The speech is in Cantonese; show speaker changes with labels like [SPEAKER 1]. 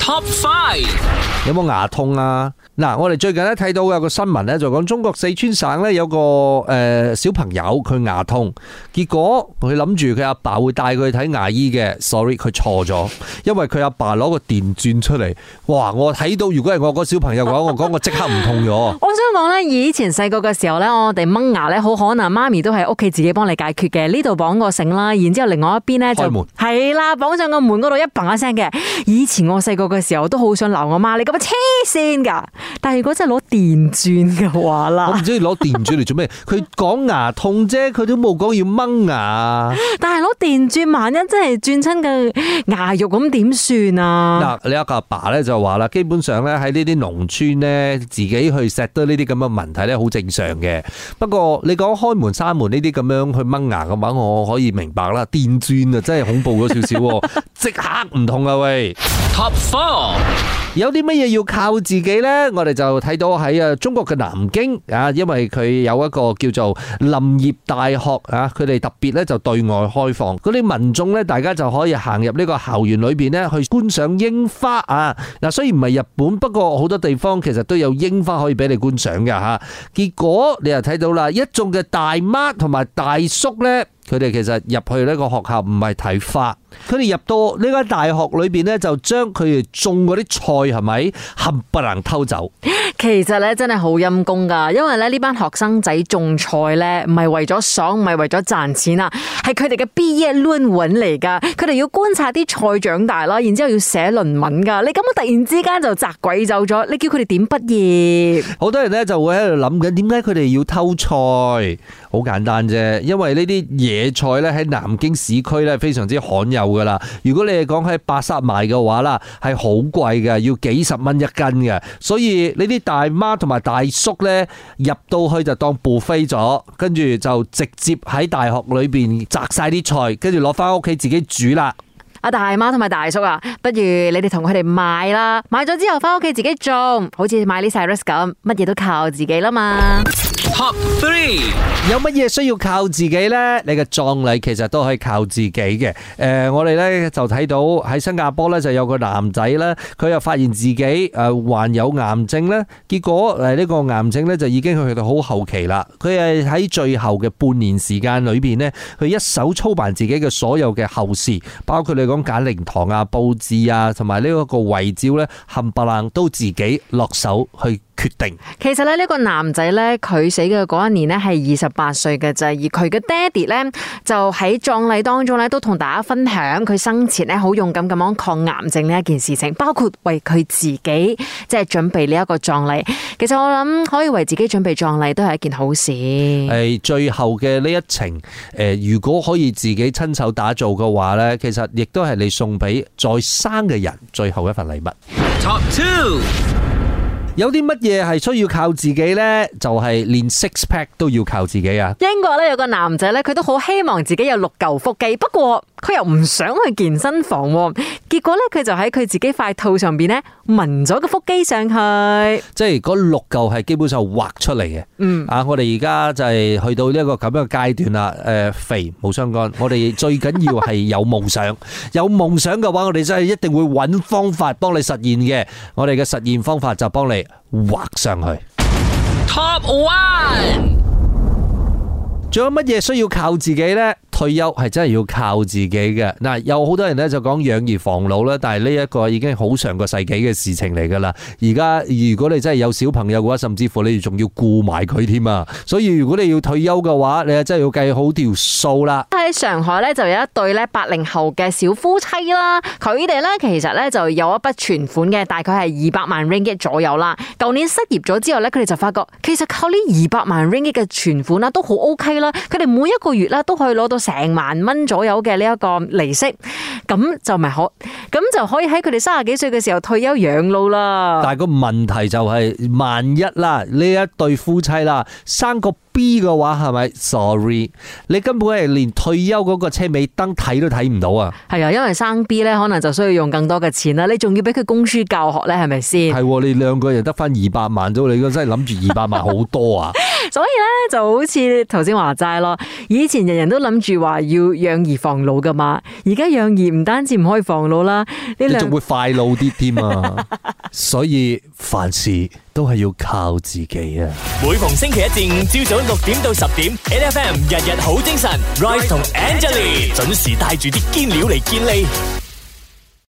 [SPEAKER 1] Top five
[SPEAKER 2] 有冇牙痛啊？嗱，我哋最近咧睇到有個新聞咧，就講中國四川省咧有個誒、呃、小朋友佢牙痛，結果佢諗住佢阿爸會帶佢去睇牙醫嘅。Sorry，佢錯咗，因為佢阿爸攞個電鑽出嚟，哇！我睇到如果係我個小朋友嘅話，我講我即刻唔痛咗。
[SPEAKER 1] 我想講咧，以前細個嘅時候咧，我哋掹牙咧好可能媽咪都喺屋企自己幫你解決嘅。呢度綁個繩啦，然之後另外一邊咧就係門，係啦，綁上個門度一嘭一聲嘅。以前我細個。嘅時候我都好想鬧我媽，你咁樣黐線噶！但係如果真係攞電鑽嘅話啦，我唔
[SPEAKER 2] 知要攞電鑽嚟做咩。佢講 牙痛啫，佢都冇講要掹牙。
[SPEAKER 1] 但係攞電鑽，萬一真係轉親嘅牙肉咁點算啊？嗱，
[SPEAKER 2] 你阿爸咧就話啦，基本上咧喺呢啲農村咧，自己去 set 得呢啲咁嘅問題咧好正常嘅。不過你講開門閂門呢啲咁樣去掹牙嘅話，我可以明白啦。電鑽啊，真係恐怖咗少少。 即刻唔同啦喂，Top Four 有啲乜嘢要靠自己咧？我哋就睇到喺啊中國嘅南京啊，因為佢有一個叫做林業大學啊，佢哋特別咧就對外開放，嗰啲民眾咧，大家就可以行入呢個校園裏邊咧去觀賞櫻花啊。嗱，雖然唔係日本，不過好多地方其實都有櫻花可以俾你觀賞㗎吓。結果你又睇到啦，一眾嘅大媽同埋大叔咧。佢哋其實入去呢個學校唔係睇法，佢哋入到呢間大學裏邊呢，就將佢哋種嗰啲菜係咪，冚唪唥偷走。
[SPEAKER 1] 其實呢真係好陰功噶，因為咧呢班學生仔種菜呢，唔係為咗爽，唔係為咗賺錢啊，係佢哋嘅畢業論文嚟噶，佢哋要觀察啲菜長大啦，然之後要寫論文噶你咁樣突然之間就摘鬼走咗，你叫佢哋點畢業？
[SPEAKER 2] 好多人呢就會喺度諗緊，點解佢哋要偷菜？好簡單啫，因為呢啲野菜咧喺南京市區咧非常之罕有噶啦。如果你係講喺白沙賣嘅話啦，係好貴嘅，要幾十蚊一斤嘅。所以呢啲大媽同埋大叔呢，入到去就當步飛咗，跟住就直接喺大學裏邊摘晒啲菜，跟住攞翻屋企自己煮啦。
[SPEAKER 1] 阿、啊、大媽同埋大叔啊，不如你哋同佢哋買啦，買咗之後翻屋企自己種，好似買呢晒 res 咁，乜嘢都靠自己啦嘛。
[SPEAKER 2] Top three 有乜嘢需要靠自己呢？你嘅葬禮其實都可以靠自己嘅。誒、呃，我哋呢就睇到喺新加坡呢，就有個男仔呢，佢又發現自己誒患有癌症呢。結果誒呢個癌症呢，就已經去到好後期啦。佢係喺最後嘅半年時間裏邊呢，佢一手操辦自己嘅所有嘅後事，包括你講揀靈堂啊、布置啊，同埋呢一個遺照呢，冚唪唥都自己落手去。決定
[SPEAKER 1] 其實咧呢個男仔呢，佢死嘅嗰一年呢，係二十八歲嘅就係，而佢嘅爹哋呢，就喺葬禮當中呢，都同大家分享佢生前呢好勇敢咁樣抗癌症呢一件事情，包括為佢自己即係準備呢一個葬禮。其實我諗可以為自己準備葬禮都係一件好事。誒、欸，最後
[SPEAKER 2] 嘅呢一程誒、呃，如果可以自己親手打造嘅話呢，其實亦都係你送俾在生嘅人最後一份禮物。
[SPEAKER 1] Top two。
[SPEAKER 2] 有啲乜嘢係需要靠自己咧？就係、是、連 six pack 都要靠自己啊！
[SPEAKER 1] 英國咧有個男仔咧，佢都好希望自己有六嚿腹肌，不過，佢又唔想去健身房，結果呢，佢就喺佢自己塊肚上邊呢紋咗個腹肌上去。
[SPEAKER 2] 即係嗰六嚿係基本上畫出嚟嘅。嗯啊，我哋而家就係去到呢一個咁樣嘅階段啦。誒，肥冇相干，我哋最緊要係有夢想。有夢想嘅話，我哋真係一定會搵方法幫你實現嘅。我哋嘅實現方法就幫你畫上去。
[SPEAKER 1] Top one，
[SPEAKER 2] 仲有乜嘢需要靠自己呢？退休係真係要靠自己嘅，嗱、呃、有好多人咧就講養兒防老啦，但係呢一個已經好上個世紀嘅事情嚟噶啦。而家如果你真係有小朋友嘅話，甚至乎你仲要顧埋佢添啊。所以如果你要退休嘅話，你真係要計好條數啦。
[SPEAKER 1] 喺上海咧就有一對咧八零後嘅小夫妻啦，佢哋咧其實咧就有一筆存款嘅，大概係二百萬 ringgit 左右啦。舊年失業咗之後咧，佢哋就發覺其實靠呢二百萬 ringgit 嘅存款啦、啊、都好 ok 啦，佢哋每一個月啦都可以攞到。成萬蚊左右嘅呢一個利息，咁就咪好，咁就可以喺佢哋三十幾歲嘅時候退休養老啦。
[SPEAKER 2] 但係個問題就係萬一啦，呢一對夫妻啦，生個 B 嘅話，是是，係咪？Sorry，你根本係連退休嗰個車尾燈睇，都睇唔到啊！
[SPEAKER 1] 係啊，因為生 B 咧，可能就需要用更多嘅錢啦。你仲要俾佢供書教學咧，係咪先？係，
[SPEAKER 2] 你兩個人得翻，二百
[SPEAKER 1] 萬咋嘅，你真係諗住二百萬好多啊！ 所以咧，就好似頭先話齋咯，以前人人都諗住話要養兒防老噶嘛，而家養兒唔單止唔可以防老啦，你仲
[SPEAKER 2] 會快老啲添啊！所以凡事都係要靠自己啊！
[SPEAKER 1] 每逢星期一至五，朝早六點到十點，N F M 日日好精神，Rise 同 Angelina 準時帶住啲堅料嚟健力。